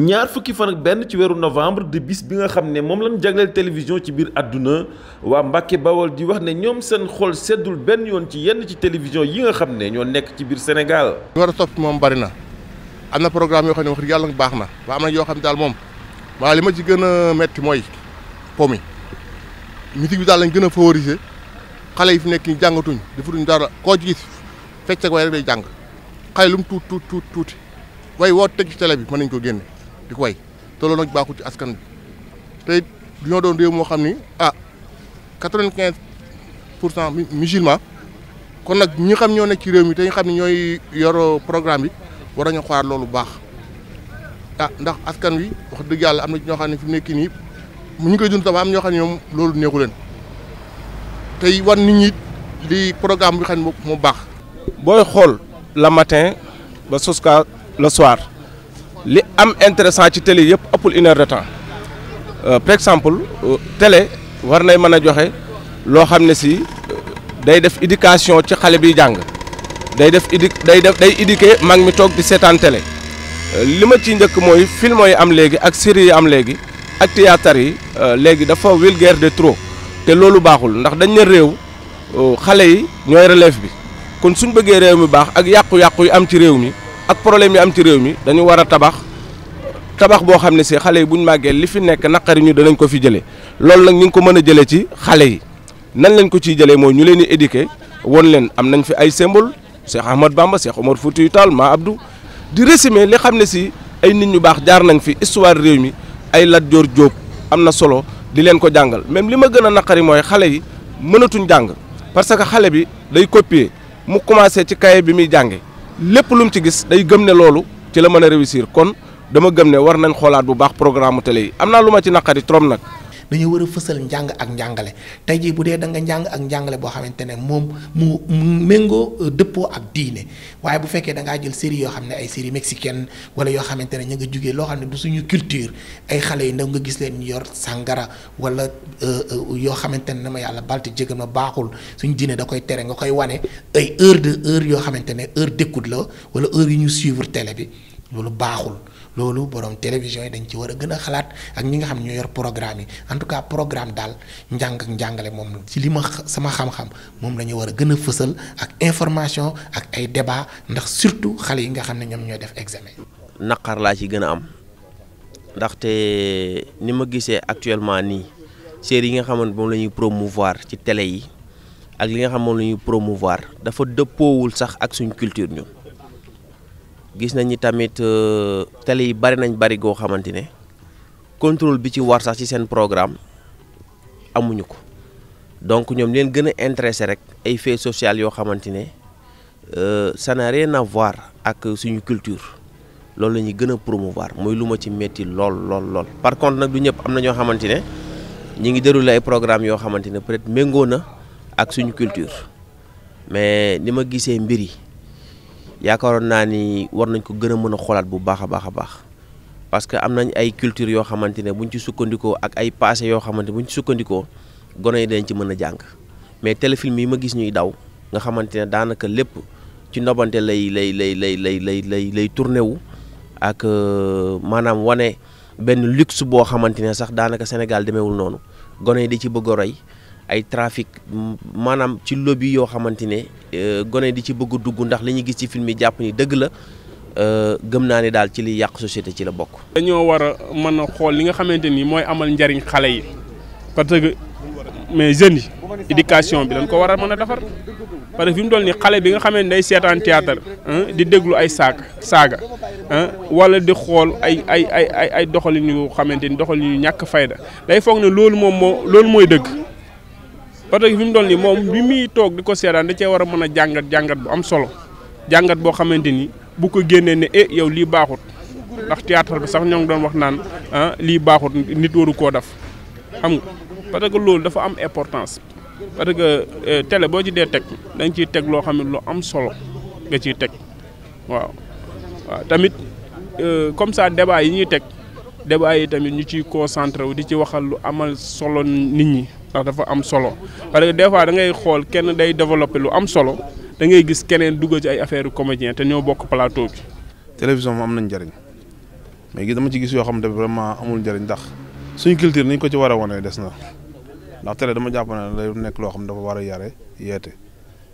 ñaar fukki fan ak benn ci weeru novembre di bis bi nga xam ne moom lañ jagleel télévision ci biir àdduna waa Mbàkke Bawol di wax ne ñoom seen xol seddul benn yoon ci yenn ci télévision yi nga xam ne ñoo nekk ci biir Sénégal. ñu war a moom bari na am na programme yoo xam ne wax yàlla baax na waa am na yoo xam ne daal moom waaw li ma ci gën a metti mooy po mi musique bi daal lañ gën a favoriser xale yi fi nekk nii jàngatuñ defutuñ dara koo ci gis day jàng xale lu mu tuut tuuti waaye woo teg ci télé bi mën nañ ko génne. di ko way te loolu nag baaxul ci askan bi tey dañoo doon réew moo xam ni a ah, quatre-vingt-quinze pour cent musulman kon nag ñi xam ñoo nekk ci réew mi te xam ne ñooy yoro programme bi war nañu xoolaat loolu baax ah ndax askan wi wax dëgg yàlla am na ñoo xam ne fi mu nekk nii ñu ngi koy dund tam am ñoo xam ne ñoom loolu neexu leen tey war nit ñi li programme bi xam ne moo baax. booy xool la matin ba jusqu'à le soir. li am intéressant ci télé yëpp ëppul une heure de temps euh, par exemple euh, télé war nay mën a joxe loo xam ne si euh, day def éducation ci xale bi jàng day def édu day def day éduquer mag mi toog di seetaan télé li ma ci njëkk mooy film yi am léegi ak série yi am léegi ak théâtre yi léegi dafa vulgaire de trop te loolu baaxul ndax dañ ne réew xale yi ñooy relève bi kon suñ bëggee réew mi baax ak yàqu-yàqu yi am ci réew mi ak problème yi am ci réew mi dañu war a tabax tabax boo xam ne si xale yi buñ màggee li fi nekk naqari ñu danañ ko fi jëlee loolu nag ñu ngi ko mën a jëlee ci xale yi nan lañ ko ciy jëlee mooy ñu leen di éduquer won leen am nañ fi ay symbole Cheikh Ahmad Bamba Cheikh Omar Foutiyou Tall Ma Abdou di résumer li xam ne si ay nit ñu baax jaar nañ fi histoire réew mi ay Lat Joor Jóob am na solo di leen ko jàngal même li ma gën a naqari mooy xale yi mënatuñ jàng parce que xale bi day copier mu commencé ci cahier bi muy jànge lépp lu mu ci gis day gëm ne loolu ci la mën a réussir kon dama gëm ne war nañ xoolaat bu baax programme mu yi am naa lu ma ci naqari trop nag. dañoo war a fësal njàng ak njàngale tey jii bu dee da nga njàng ak njàngale boo xamante ne moom mu mu méngoo euh, dëppoo ak diine waaye bu fekkee da ngaa jël série yoo xam ne ay série mexicaine wala yoo xamante ne ñu nga jugee xam ne du suñu culture ay xale yu ndaw nga gis leen ñu yor sàngara wala euh, euh, yoo xamante ne na ma yàlla balte jégal ma baaxul suñ diine da koy tere nga koy wane ay heure de heure yoo xamante ne heure d'écoute la wala heure yu ñu suivre tele bi loolu baaxul lolu borom télévision yi dañ ci wara gëna xalaat ak ñi nga xam ñoo yor programme yi en tout cas programme dal njang ak njangalé mom ci li sama xam-xam mom lañu wara gëna a ak information ak ay débat ndax surtout xalé yi nga xam ne ñom ñoy def examen. nakar la ci gëna am ndax té ni ma gisee actuellement ni série yi nga xamante mom lañuy promouvoir ci télé yi ak li nga xam mom lañuy promouvoir dafa sax ak suñ culture ñun gis nañ ni tamit euh, télé yi bari nañ bari go xamantene contrôle bi ci war sax ci sen programme amuñu ko donc ñom leen gëna intéressé rek ay fait social yo xamantene euh ça n'a rien à voir ak suñu culture loolu lañuy gëna promouvoir moy luma ci metti lool lool lool. par contre nak du ñëpp amna na xamantene ñi ngi déroulé ay programme yo xamantene peut-être mengo na ak suñu culture mais nima gisé mbiri yaakaaroon naa ni war nañ ko gën a mën a xoolaat bu baax a baax a baax parce que am nañ ay culture yoo xamante ne buñ ci sukkandikoo ak ay passé yoo xamante buñ ci sukkandikoo gone yi dañ ci mën a jàng mais téléfilm yi ma gis ñuy daw nga xamante ne daanaka lépp ci ndobante lay lay lay lay lay lay lay lay tourné wu ak euh, maanaam wane benn luxe boo xamante ne sax daanaka Sénégal demeewul noonu gone yi di ci bëgg a roy ay trafic maanaam ci lobby yoo xamante ne euh, gone di ci bëgg dugg ndax li ñu gis ci film yi jàpp ni dëgg la euh, gëm naa ne daal ci liy yàq société ci la bokk. dañoo war a mën a xool li nga xamante ni mooy amal njariñ xale yi parce que mais jeunes yi éducation bi dañ ko war a mën a defar parce que fi mu toll nii xale bi nga xamante ni day seetaan théâtre di déglu ay saaga saaga wala di xool ay ay ay ay doxalin yu xamante ni doxalin yu ñàkk fayda day foog ne loolu moom moo loolu mooy dëgg. Pada que fi mu toll nii bi muy toog di ko seetaan da cee jangat jangat am solo jangat bo xamante ni bu ko génnee ne eh yow li baaxut ndax théâtre bi sax ñoo doon wax naan ah lii baaxut nit waru pada def xam nga dafa am importance parce que eh, télé boo ci dee teg da nga ciy teg am solo nga ciy tek waaw waaw tamit eh, comme ça débat yi ñuy tek débat yi tamit ñu ciy concentré wu di ci waxal lu amal solo nit ñi ndax dafa am solo parce que des fois da ngay xool kenn day développé lu am solo da ngay gis keneen dugg ci ay affaire comédien te bokk plateau bi. télévision moom am nañ njëriñ mais dama ci gis yoo xam ne vraiment amul njëriñ ndax suñu culture ni ñu ko ci war a wane des na ndax télé dama jàpp ne day nekk loo xam ne dafa war a yare yeete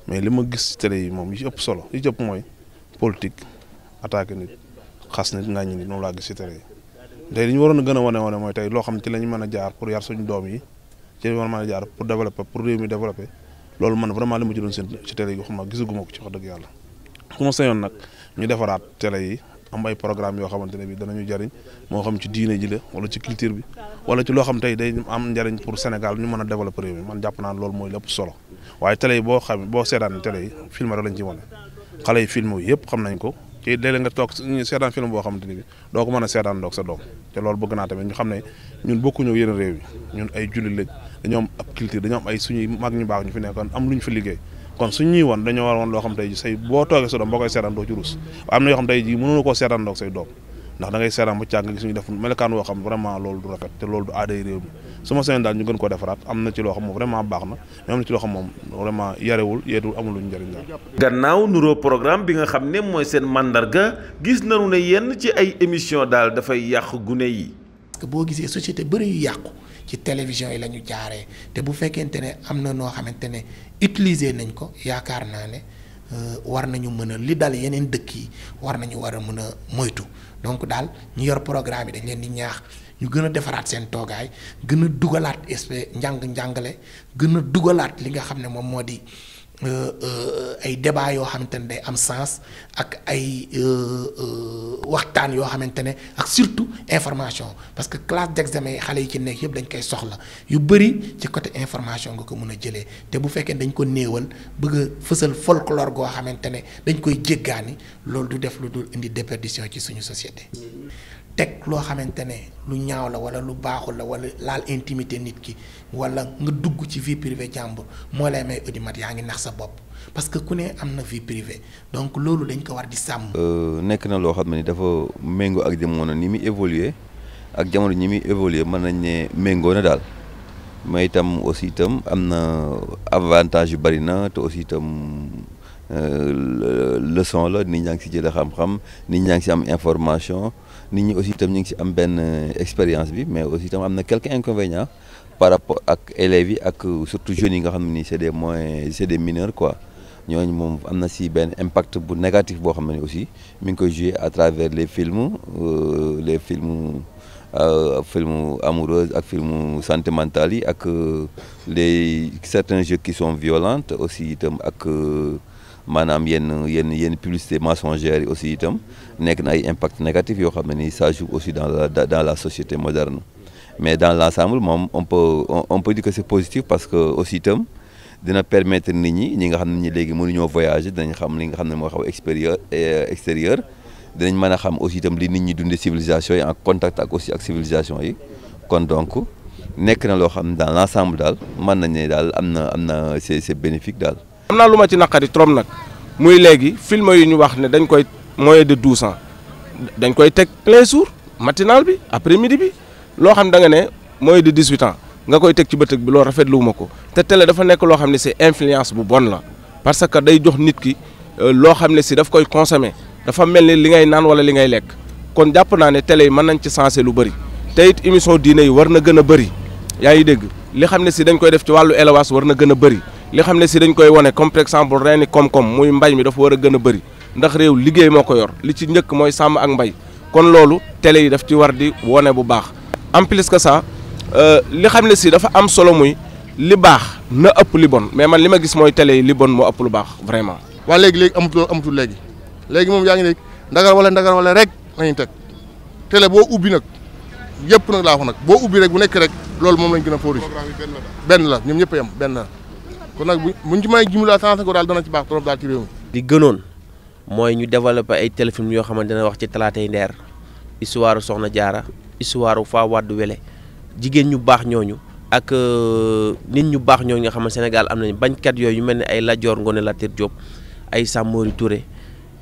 mais li ma gis ci télé yi moom ci ëpp solo yi ci mooy politique attaqué nit xas nit ngaañi nit moom laa gis ci télé yi. léegi li ñu waroon a gën a wane wane mooy tey loo xam ci la ñu mën a jaar pour yar suñu doom yi ci la pour développer pour réew mi développer loolu man vraiment li ma ci doon seen ci télé yi xam naa gisaguma ko ñu defaraat télé yi am ay programme yoo xamante ne bi danañu jariñ moo xam ci diine ji la wala ci culture bi wala ci loo xam tey day am njariñ pour Sénégal ñu mën a développer réew mi man jàpp naa loolu mooy lépp solo waaye télé yi boo xam boo seetaan télé yi film rek lañ ci wane xale yi film yëpp xam nañ ko te nga toog seetaan film boo xamante ni bi doo ko mën a seetaan doog sa doom te loolu bëgg naa tamit ñu xam ne ñun bokkuñu ak yeneen réew yi ñun ay jullit lañ dañoo am ab culture dañoo am ay suñuy mag ñu baax ñu fi nekkoon am lu ñu fi liggéey kon suñ ñuy woon dañoo war woon loo xam tey say boo toogee sa doom boo koy seetaan doo ci rus am na yoo xam tey ji mënunu koo seetaan doog say doom ndax da ngay seeraan ba càgg nga gis ñu def melokaan woo xam vraiment loolu du rafet te loolu du aaday réew mi su ma seen daal ñu gën ko defaraat am na ci loo xam moom vraiment baax na mais am na ci loo xam moom vraiment yarewul yeetul amul lu njëriñ la gannaaw nuroo programme bi nga xam ne mooy seen mandarga gis nañu ne yenn ci ay émission daal dafay yàq gune yi boo gisee société bëri yu yàqu ci télévision yi la ñu jaaree te bu fekkente ne am na noo xamante ne utiliser nañ ko yaakaar naa ne Euh, war nañu mën a li dal yeneen dëkk yi war nañu war a mën a moytu donc daal ñu yor programme yi dañ leen di ñaax ñu gën a defaraat seen toogaay gën a dugalaat espèce njàng njàngale gën a dugalaat li nga xam ne moom moo di Euh, euh, ay débat yoo xamante ne day am sens ak ay euh, waxtaan yoo xamante ne ak surtout information parce que classe d'examen yi xale yi ci nekk yëpp dañ koy soxla yu bëri ci côté information nga ko mën a jëlee te bu fekkee dañ ko néewal bëgg a fësal folklore goo xamante ne dañ koy jéggaani loolu du def lu dul indi déperdition ci suñu société. teg loo xamante ne lu ñaaw la wala lu baaxul la wala laal intimité nit ki wala nga dugg ci vie privée jàmbur moo lay may audimat yaa ngi nax sa bopp parce que ku ne am na vie privée donc loolu dañ ko war di sàmm. Euh, nekk na loo xam ne dafa méngoo ak jamono ni muy évoluer ak jamono ñi muy évoluer mën nañ ne méngoo na daal mooy itam aussi itam am na avantage yu bari na te aussi itam. Euh, leçon la nit ñaa ngi si jëlee xam-xam nit ñaa ngi si am information Nous avons aussi une euh, expérience mais aussi quelques inconvénients par rapport à élèves vie, ak surtout jeunes c'est des moins des mineurs quoi avons aussi un impact négatif aussi mi joué à travers les films euh, les films euh, films amoureux les films sentimentaux, les certains jeux qui sont violents aussi manam yenn yenn yenn publicité mensongère aussi itam nek na ay impact négatif yo xamné ça joue aussi dans la dans la société moderne mais dans l'ensemble mom on peut on peut dire que c'est positif parce que aussi itam dina permettre nit ñi ñi nga xam ne ñi léegi mënuñoo voyager dañ xam li nga xamné mo xaw extérieur eh, extérieur dinañ mën a xam aussi itam li nit ñi dundé civilisation yi en contact ak aussi ak civilisation yi kon donc nek na lo xam dans l'ensemble dal man nañ né dal amna amna am na c'est c'est bénéfique daal am naa lu ma ci naqari trop nag muy léegi film yu ñu wax ne dañ koy moyen de douze ans dañ koy teg plein matinal bi après midi bi loo xam da nga ne moyen de dix huit ans nga koy teg ci bëtëg bi loo rafetlu wu ma ko te télé dafa nekk loo xam ne si influence bu bon la parce que day jox nit ki euh, loo xam ne si daf koy consommer dafa mel ni li ngay naan wala li ngay lekk kon jàpp naa ne télé yi mën nañ ci sensé lu bëri te it émission diine yi war na gën a bëri yaa ngi dégg li xam ne si dañ koy def ci wàllu élevage war na gën a bëri li xamné dañ koy comme par exemple comme muy mbay mi dafa a bëri ndax réew liggéey yor li ci ñëk ak mbay kon télé yi daf ci war en plus que ça euh, li xamné ne si dafa am solo muy li baax na ëpp li bon mais man ont gis moy télé yi li bon mo ëpp lu baax vraiment. wa légui légui amatu amatu ndagar wala ndagar wala rek télé rek bu la kon nag bu buñ ci may jumlaa cent cinquante daal dana ci baax trop daal ci réew mi. di gënoon mooy ñu développé ay téléfilm yoo xamante ne wax ci talaatay ndeer histoire soxna jaara histoire faa wàddu wele jigéen ñu baax ñooñu ak euh, nit ñu baax ñooñu nga xam ne Sénégal am nañu bañkat yooyu ñu mel ni ay lajoor dior Ngoné Latyr Diop ay Samori Touré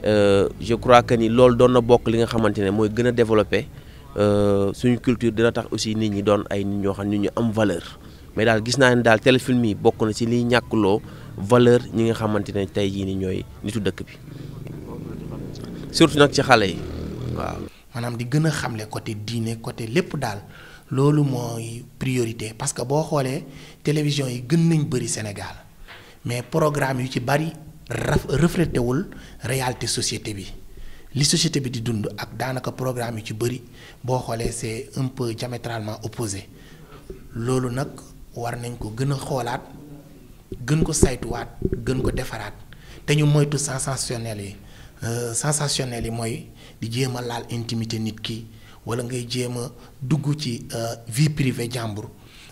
euh, je crois que ni loolu doon na bokk li nga xamante ne mooy gën a développé euh, suñu culture dina tax aussi nit ñi doon ay nit ñoo xam ne ñu am valeur. mais dal gis naa dal téléfilm yi bokk na ci liy ñàkkloo valeur ñi nga xamante ne tey jii ni ñooy nitu dëkk bi surtout nag ci xale yi waaw. maanaam di gën a xamle côté diine côté lépp daal loolu mooy priorité parce que boo xoolee télévision yi gën nañ bëri Sénégal mais programme yu ci bari raf reflété wul réalité société bi li société bi di dund ak daanaka programme yu ci bëri boo xoolee c'est un peu diamétralement opposé loolu nag. war nañ ko gën a xoolaat gën ko saytuwaat gën ko defaraat te ñu moytu sensationnel yi euh, sensationnel yi mooy di jéem a laal intimité nit ki wala ngay jéem a dugg ci euh, vie privée jàmbur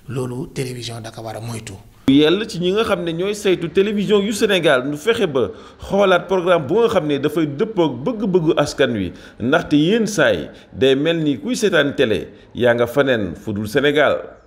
loolu télévision da ko war a moytu. yell ci ñi nga xam ne ñooy saytu télévision yu Sénégal ñu fexe ba xoolaat programme bu nga xam ne dafay dëppook bëgg-bëggu askan wi ndaxte yéen saay day mel ni kuy seetaan télé yaa nga faneen fu dul Sénégal.